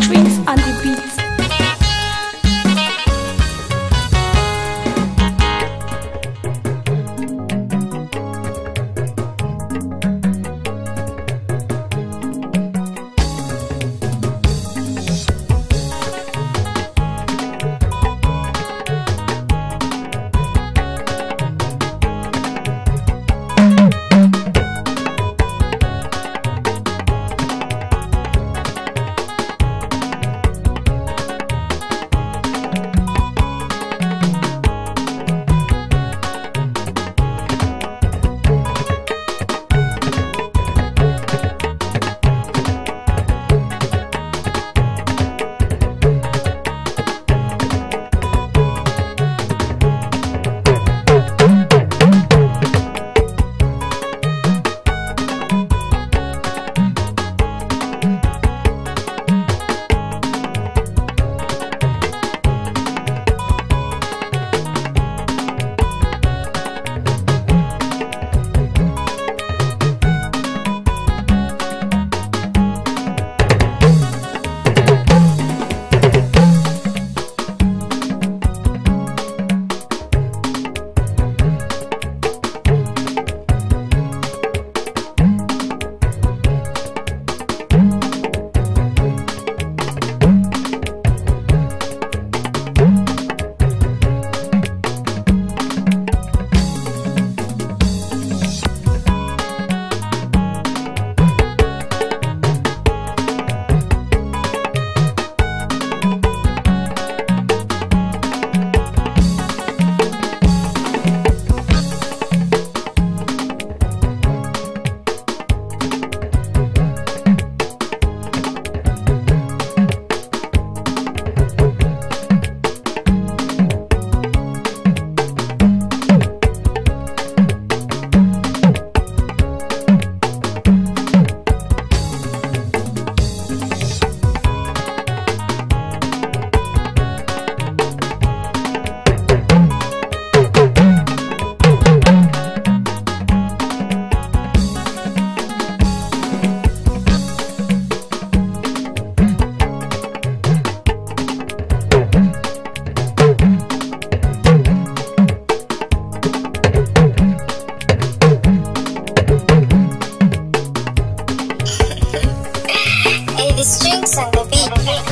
strings and the beats. the strings and the beat.